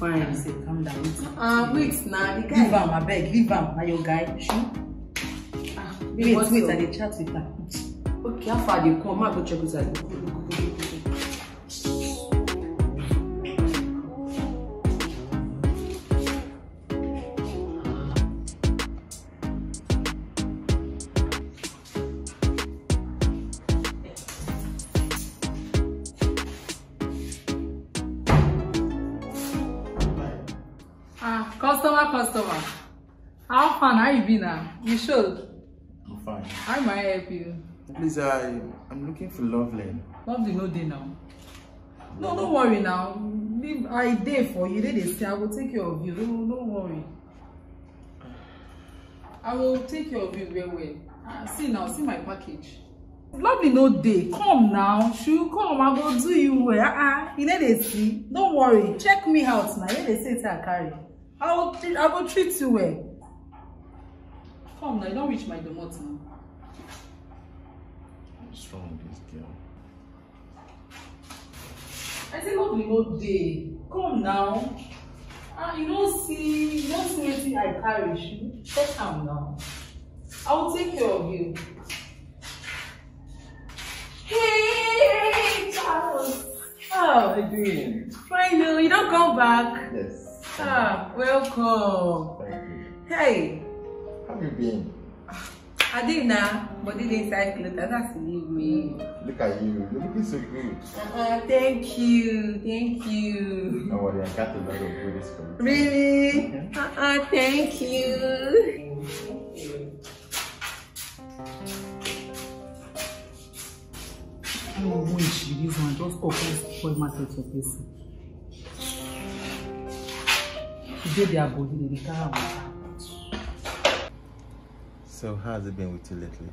fine yourself calm down ah uh, wait na the guy leave am abeg leave him, na your guy sure ah, wait wait i dey chat with her? okay how far you. come I go check with her Customer, customer. How fun are you been now? Ah? You should. I'm fine. How may I help you? Please, I, I'm looking for Loveland. Lovely no day now. No, don't worry now. Leave I day for you. They, they say I will take care of you. Don't, don't worry. I will take care of you very well. Uh, see now, see my package. Lovely no day. Come now. She'll come. I will do you well. Uh-uh. You know they see. Don't worry. Check me out now. You know they say it's a carry. I will, treat, I will treat you well. Come now, you don't reach my domot now. What's wrong with this girl? I say not the whole day. Come now. Ah, you don't see, you don't see anything I carry. You check now. I will take care of you. Hey, Charles. How are you doing? Fine, no, you don't come back. Yes. Ah, welcome. Thank you. Hey. How have you been? I did now, but did inside clothes. That's leave me. Look at you. You're looking so good. Uh, thank you. Thank you. No worry, I got a lot of goodies for you. Really? Mm-hmm. uh-uh, thank you. Oh, when she leaves, I just open for my person. their body, they water. So how's it been with you lately?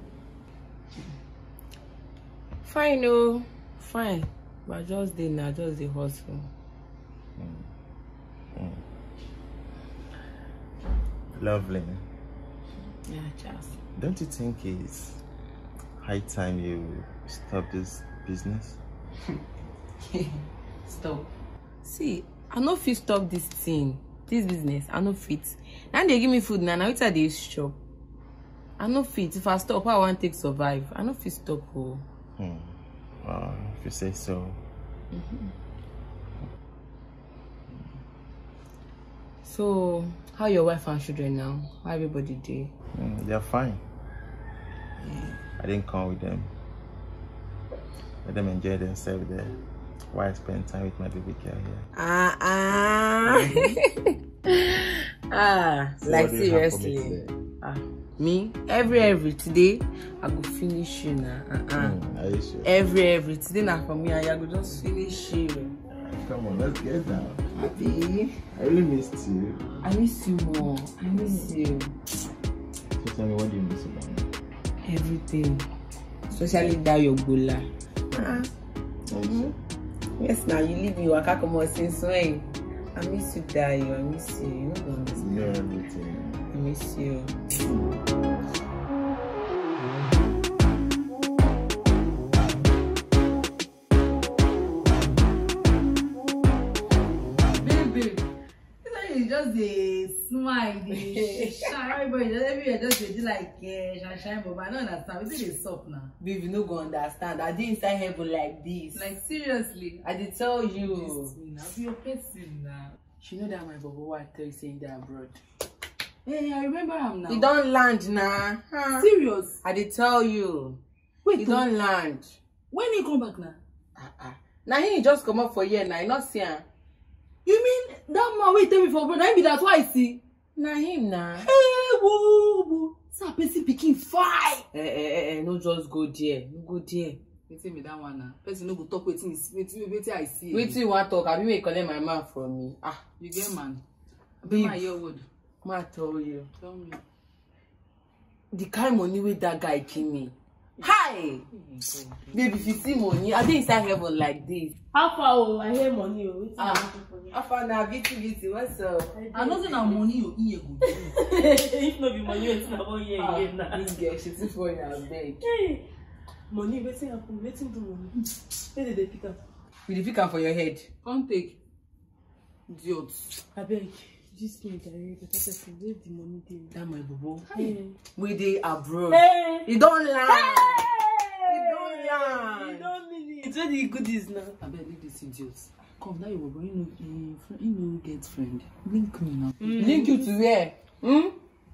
Fine, no, oh. fine. But just the now, just the hustle. Mm. Mm. Lovely. Yeah, Charles. Don't you think it's high time you stop this business? stop. See, I know if you stop this thing. This business i no fit Now they give me food now. Now it's at this shop? i no fit if i stop i want to survive i no fit stop Oh. Hmm. if you say so. Mm -hmm. so how your wife and children now how everybody do? Mm, they are fine yeah. i didn't come with them let them enjoy themselves there Why i spend time with my baby girl here. Ah Uh -uh. ah, so like seriously. Ah, me every every today I go finish you na. Uh -uh. Mm, are you sure? Every every today na for me I go just finish you. Come on, let's get down. Happy? I really missed you. I miss you more. I miss hmm. you. So tell me, what do you miss about me? Everything. Especially that your gula. Uh -uh. Mm -hmm. Yes, now you leave me waka come on since when? I miss you, Dayo. I miss you. You don't miss me. You're everything. I miss you. Baby, it's just a smile. everybody just everywhere just dey like eh shine but i no understand wetin dey sup na. babe you no go understand i dey inside heaven like this. like seriously. i dey tell you. na be your person na. she know that my bobo wa tell you say he dey abroad. Hey, eh, I remember am now. He don land na. Huh? Serious? I dey tell you. Wait. He don land. When he come back na? Ah ah. Na him just comot for here na, you no see am. You mean that man wey tell me for abroad, na him be that wife see? Na him na. Hey! Eh, start person pikin fine. Eh, eh, eh, eh, no just go there no go there. wetin be dat one na person no go talk wetin i see. wetin you wan talk abi wey collect my man from me. ah you get man abi man hear word. ma tell you. tell me. the kind money wey dat guy give me Hi! baby. if you see money, I think it's inside heaven like this. How far oh, I hear money oh. Ah, how far now? viti viti, what's up? I know say na money oh, iye go do. If not be money, wetin na one year again ah, na. This girl, she's too funny abeg. Money, wetin happen? waiting do money? Where did they pick up? We dey pick up for your head. Come take. Idiot. Abeg. gist me jare better person wey the money dey. that my bobo hey. we dey abroad hey. e don land hey. e don land e don mean it wey the goodies na. abeg leave this idiot come that your bobo he no he no get friend link me now. Mm. link you to where hmm?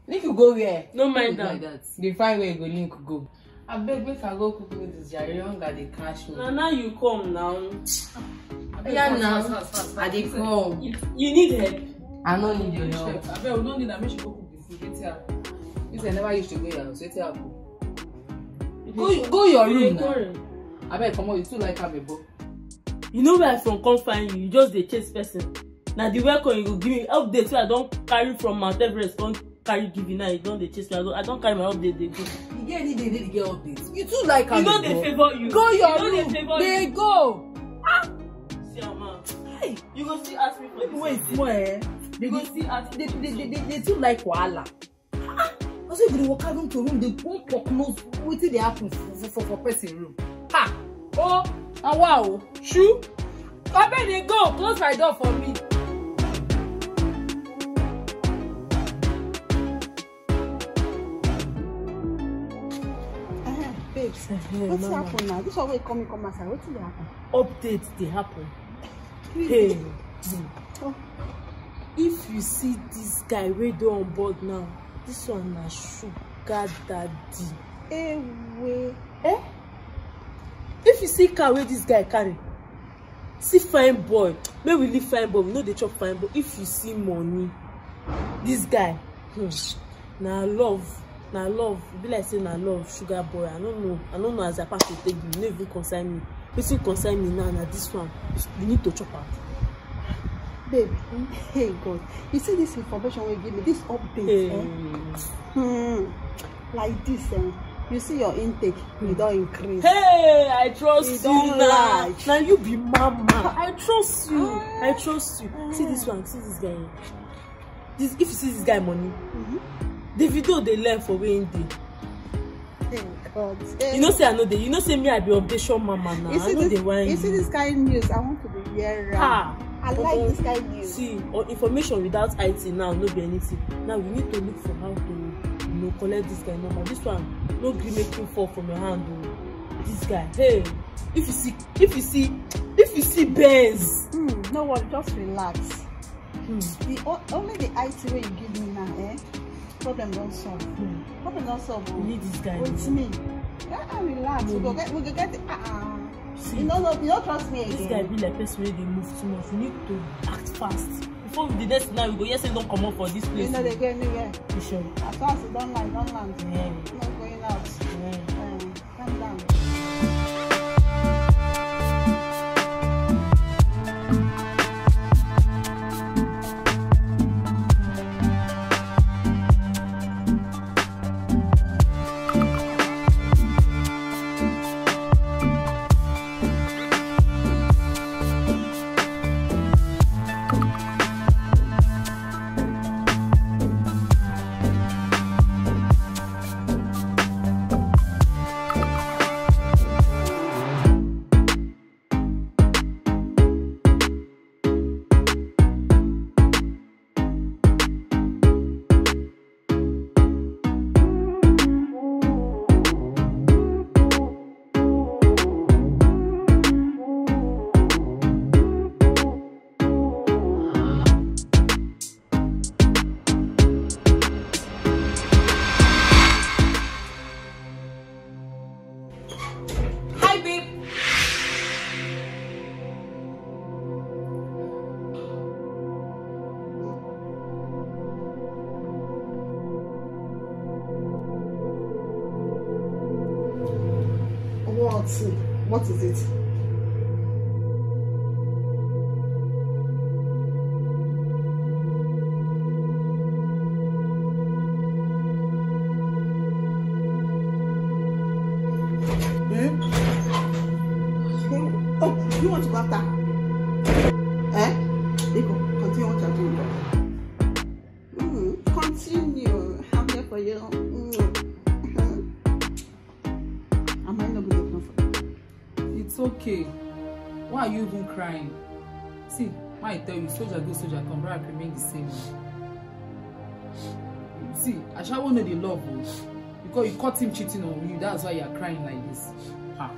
link you go where. no mind am like dey find where you go link go abeg make i go cook noodles jare hunger dey cash me. na now you come now. oya now i dey come. you need help. I no need your help. Abeg, we no need am make she go cook the food later. If I never use to go here. house, later I go. Go your room now. Abeg, comot, you too like am ebo. You know where I from come find you, you just dey chase person. Na the welcome you go give me update wey I don carry from Mount Everest come carry give you now, you don dey chase me. I don I don carry my update dey go. You get any day dey get update. You too like am ebo. You no dey favour you. Go your you room, dey go. Ah! See am ah. Hey! You go still ask me for this. Wait small eh? because see as they they they they, they too like wahala ah na so if you dey waka room to room dey go close wetin dey happen for for for person room ha oh awa o shu abeg dey go close my door for me. Uh-huh. babes wetin happen now this one wey come in come outside wetin dey happen. update dey happen. hey. Mm. Oh if you see this guy wey dey on board now this one na sugar daddy ewe eh if you see car wey dis guy carry see fine boy make we leave fine boy we no dey chop fine boy if you see money this guy hmm, na love na love e be like say na love sugar boy i no know i no know as I pass to take be e no even concern me wetin concern me now na this one you need to chop am babe hey god you see this information wey you give me this update hey. eh? hmm. like this eh? you see your intake mm. you hmm. don increase hey i trust you, now. na you be mama i trust you ah. i trust you ah. see this one see this guy this if you see this guy money mm -hmm. davido dey learn for where he dey God. You know say I know they you know say me I be updation mama now. You see I know this, they want you see this kind news I want to be hearing. Ah. I but, like this kind of view. See, or information without IT now, no be anything. Now we need to look for how to you know collect this guy number. This one, no gree make him fall from your hand. Oh. This guy, hey, if you see, if you see, if you see Benz. Hmm, no worry, just relax. Hmm. The only the IT way you give me now, eh? Problem don't solve. Hmm. Problem don't solve. Oh. You need this guy. Wait oh. me. Yeah, relax. Hmm. We go get, we go get. The, uh -uh trust me. No, no, you don't trust me again. This guy be like person wey dey move too much. You need to act fast. Before the next night, we go Yes, they don't come up for this place. You know they get me anywhere. You sure? As far as you don land, don't land. Yeah. You no going out. not what is it. Eh? Oh, you want to go after? Eh? Nico, continue what you're doing. okay why are you even crying see why i tell you soldier go soldier come back remain the same see asawo no the love o oh. because you caught him cheating on you that's why you are crying like this ah.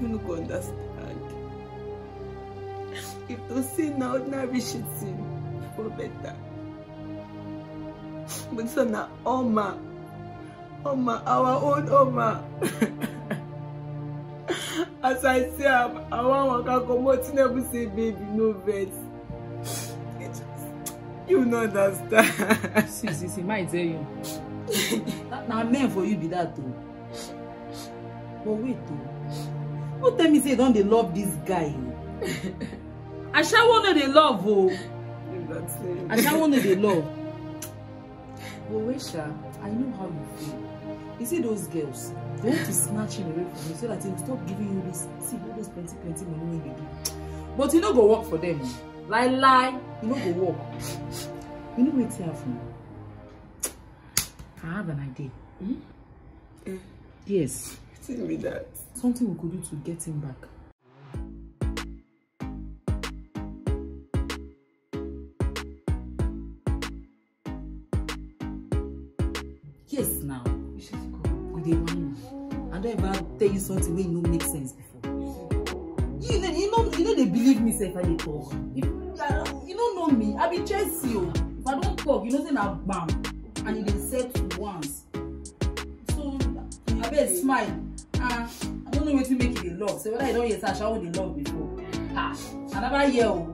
you no go understand if to see na ordinary cheating for better but this one na oma oma our own oma. as i say am i wan waka comot never say baby no vex you no understand. see see see my tell you na men for you be that o but wait o no tell me say you don dey love dis guy o asawo no dey love o oh. asawo no dey love but wait sha i know how you feel. You see those girls? They want to snatch him away from you so that he'll stop giving you this. See, all those plenty, plenty money they do. But you no go work for them. Lie, lie. You no go work. You know what's happening? I have an idea. Hmm? Yes. Tell me that. Something we could do to get him back. You Good morning. I don't ever tell you something wey no make sense before. You know, you know, you know they believe me sef I dey talk. If you no know me, I be Chelsea o. Oh. If I don talk, you know say na gbam and you dey set once. So abeg smile. Ah, I don't know wetin make you dey love. Say whether you don hear say I shower dey love before. Ah, I never hear o. Oh.